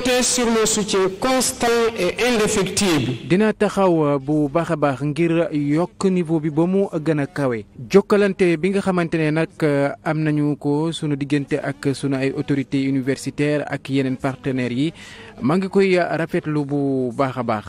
compter sur le soutien constant et dina taxaw euh, bu baax a baax ngir yokk niveau bi ba mu gën a kawe. jokkalante bi nga xamante ne nag euh, am nañu ko sunu diggante ak sunu ay autorités universitaires ak yeneen partenaires yi maa ngi koy rafetlu bu baax a baax.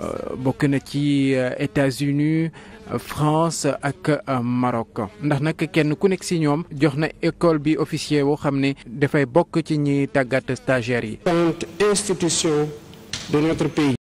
Euh, bokk na ci euh, États-Unis euh, France ak Maroc ndax nag kenn ku nekk si ñoom jox na école bi officier boo xam ne dafay bokk ci ñi tàggat stagiaires yi. institution de notre pays.